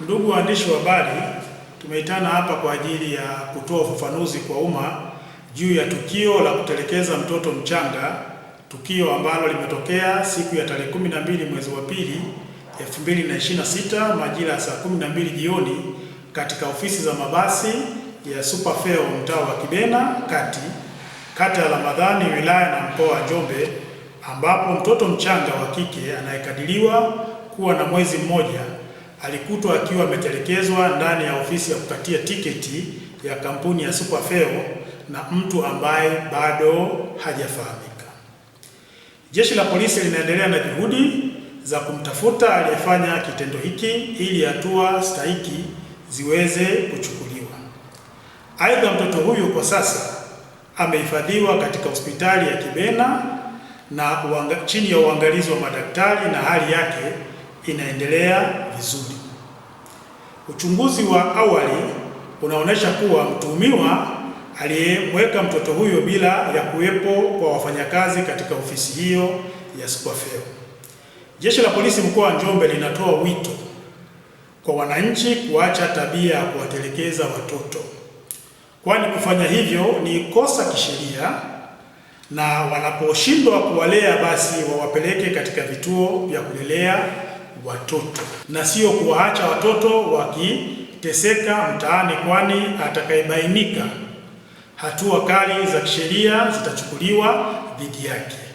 Ndugu waandishi wa habari, tumeitana hapa kwa ajili ya kutoa ufafanuzi kwa umma juu ya tukio la kutelekeza mtoto mchanga, tukio ambalo limetokea siku ya tarehe 12 mwezi wa pili 2026 majira ya saa 12 jioni katika ofisi za mabasi ya Superfeo mtaa wa Kibena kati kata ya Ramadhani wilaya na mkoa wa Njombe, ambapo mtoto mchanga wa kike anayekadiriwa kuwa na mwezi mmoja alikutwa akiwa ametelekezwa ndani ya ofisi ya kukatia tiketi ya kampuni ya Superfeo na mtu ambaye bado hajafahamika. Jeshi la polisi linaendelea na juhudi za kumtafuta aliyefanya kitendo hiki ili hatua stahiki ziweze kuchukuliwa. Aidha, mtoto huyu kwa sasa amehifadhiwa katika hospitali ya Kibena na uanga, chini ya uangalizi wa madaktari na hali yake inaendelea vizuri. Uchunguzi wa awali unaonyesha kuwa mtuhumiwa aliyemweka mtoto huyo bila ya kuwepo kwa wafanyakazi katika ofisi hiyo ya Sikwafeo. Jeshi la Polisi mkoa wa Njombe linatoa wito kwa wananchi kuacha tabia ya kuwatelekeza watoto, kwani kufanya hivyo ni kosa kisheria, na wanaposhindwa kuwalea basi wawapeleke katika vituo vya kulelea watoto na sio kuwaacha watoto wakiteseka mtaani, kwani atakayebainika hatua kali za kisheria zitachukuliwa dhidi yake.